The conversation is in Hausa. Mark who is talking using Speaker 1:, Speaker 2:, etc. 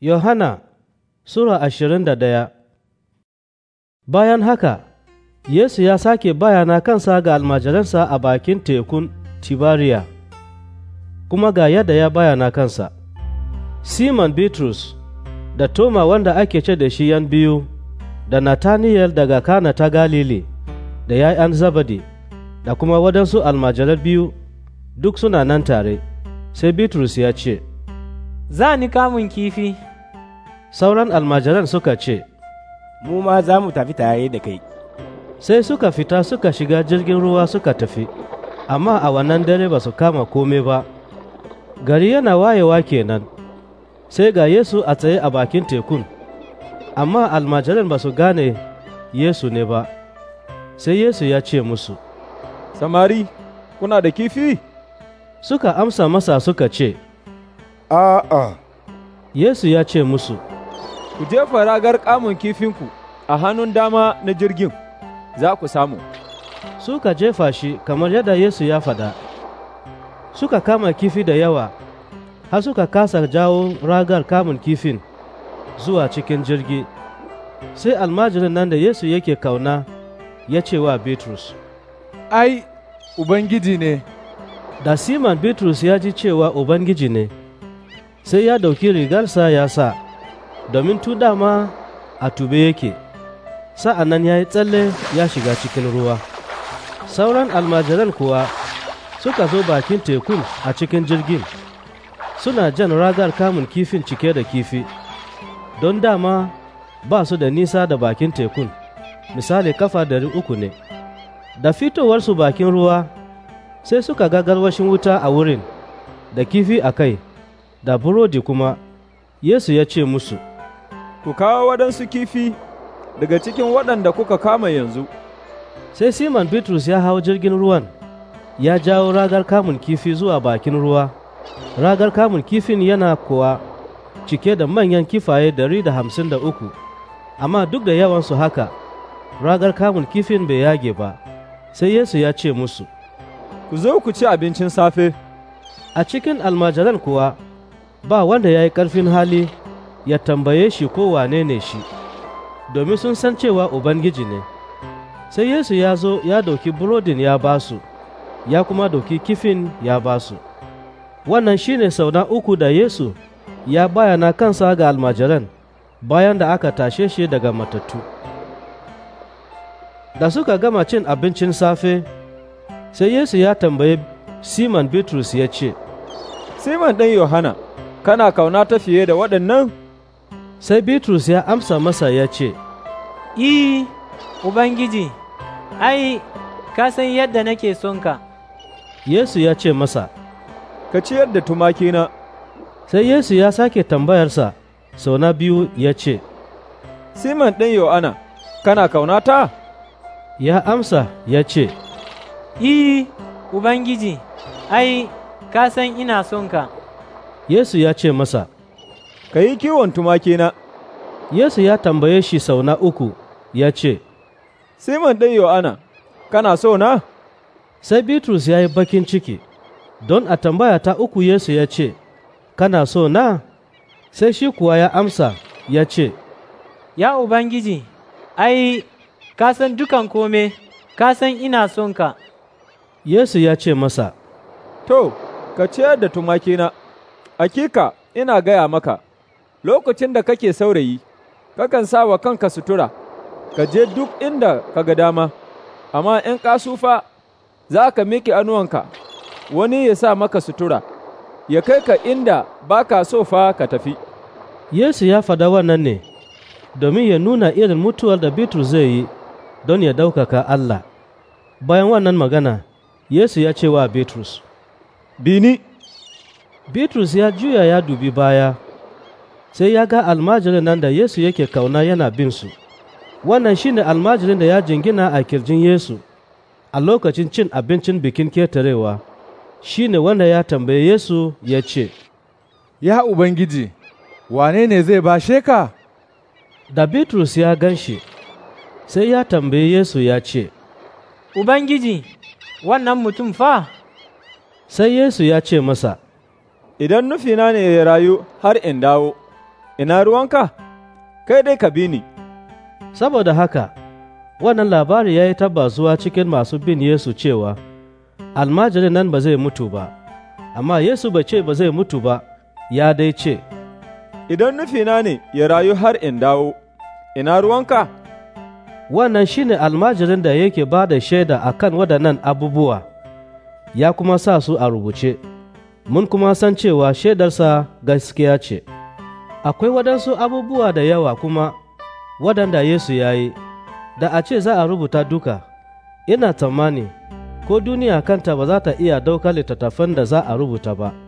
Speaker 1: Yohana Sura ashirin da daya Bayan haka, Yesu ya sake bayana kansa ga almajiransa a bakin tekun Tibariya, kuma ga yadda ya bayana kansa. Simon Bitrus da Toma wanda ake ce da shi yan biyu, da nathaniel daga Kana ta Galili, da ‘ya'yan Zabadi, da kuma waɗansu almajirar biyu duk suna nan tare, sai Bitrus ya ce, za ni kamun kifi. Sauran almajiran suka ce, Mu ma za mu tafi tare da kai. Sai suka fita suka shiga jirgin ruwa suka tafi, amma a wannan dare ba su kama kome ba. Gari yana wayewa kenan, sai ga Yesu a tsaye a bakin tekun, amma almajiran ba su gane Yesu ne ba. Sai Yesu ya ce musu, Samari, kuna da kifi? Suka amsa masa suka ce, A'a. Yesu ya ce musu, Ku jefa ragar kamun kifinku a hannun dama na jirgin, za ku samu. Suka jefa shi kamar yadda Yesu ya faɗa. Suka kama kifi da yawa, har suka kasa jawo ragar kamun kifin zuwa cikin jirgi. Sai almajirin nan da Yesu yake kauna ya ce wa Bitrus, Ai, Ubangiji ne. Da Siman Bitrus ya ji cewa Ubangiji ne. sai ya dauki rigarsa ya sa domin tu dama a tube yake sa'an nan ya yi tsalle ya shiga cikin ruwa sauran almajiran kuwa suka zo bakin tekun a cikin jirgin suna jan ragar kamun kifin cike da kifi don dama ba su da nisa da bakin tekun misali kafa dari uku ne da fitowarsu bakin ruwa sai suka ga garwashin wuta a wurin da kifi a kai da burodi kuma Yesu ya ce musu, Ku kawo waɗansu kifi daga cikin waɗanda kuka kama yanzu. Sai Simon Bitrus ya hau jirgin ruwan, ya jawo ragar kamun kifi zuwa bakin ruwa, ragar kamun kifin yana kuwa cike da manyan kifaye dari da hamsin da uku, amma duk da yawansu haka, ragar kamun kifin bai yage ba, sai Yesu ya ce musu, Ku zo ku ci abincin safe. A cikin almajiran kuwa, ba wanda ya yi ƙarfin hali ya tambaye shi ko wane ne shi domin sun san cewa ubangiji ne sai yesu ya zo ya dauki burodin ya ba su ya kuma dauki kifin ya ba su wannan shine sau na uku da yesu ya bayana kansa ga almajiran bayan da aka tashe shi daga matattu da suka gama cin abincin safe sai yesu ya tambaye Simon bitrus ya ce Simon ɗan yohana kana kauna ta fiye da waɗannan? Sai Bitrus ya amsa masa ya ce, I, Ubangiji, ai, ka san yadda nake sonka. Yesu ya ce masa, Ka ciyar da tumakina. Sai Yesu ya sake tambayarsa, sau na biyu ya ce, Siman ɗin Yohana, kana ta? Ya amsa ya ce, I, Ubangiji, ai, ka san ina sonka. Yesu ya ce masa, Ka yi kiwon tumakina. Yesu ya tambaye shi sau na uku ya ce, Simon ɗai Yohana, kana so na? Sai Bitrus ya yi bakin ciki, don a tambaya ta uku Yesu ya ce, Kana so na? Sai shi kuwa ya amsa ya ce, Ya Ubangiji, ai, ka san dukan kome, ka san ina son ka. Yesu ya ce masa, To, ka ciyar da tumakina. Akika, ina gaya maka, lokacin da kake saurayi, kakan sa wa kanka sutura, ka je duk inda ka ga dama, amma in kasufa za ka miƙe anuwanka, wani ya sa maka sutura, ya kai ka inda ba ka so fa ka tafi. Yesu ya fada wannan ne, domin ya nuna irin mutuwar da Bitrus zai yi don ya ɗaukaka Allah. Bayan wannan magana, Yesu ya ce wa Bitrus, Bini. Bitrus ya juya ya dubi baya, sai ya ga almajirin nan da Yesu yake kauna yana bin su. Wannan shine almajirin da ya jingina a kirjin Yesu a lokacin cin abincin bikin ketarewa, shine wanda ya tambaye Yesu ya ce, Ya Ubangiji, wane ne zai bashe ka? Da Bitrus ya gan shi, sai ya tambaye Yesu ya ce, Ubangiji, wannan mutum fa? Sai Yesu ya ce masa, idan nufina ne ya rayu har in dawo, ina ruwanka, kai dai ka bi ni. Saboda haka, wannan labari ya yi zuwa cikin masu bin Yesu cewa, almajirin nan ba zai mutu ba, amma Yesu ba ce ba zai mutu ba, ya dai ce, Idan nufina ne ya rayu har in dawo, ina ruwanka? Wannan shi ne almajirin da yake ba da shaida a kan waɗannan abubuwa, ya kuma sa su a rubuce. mun kuma san cewa shaidarsa gaskiya ce. Akwai waɗansu abubuwa da yawa kuma waɗanda Yesu ya yi, da a ce za a rubuta duka, ina tsammani ko duniya kanta ba za ta iya ɗaukar littattafan da za a rubuta ba.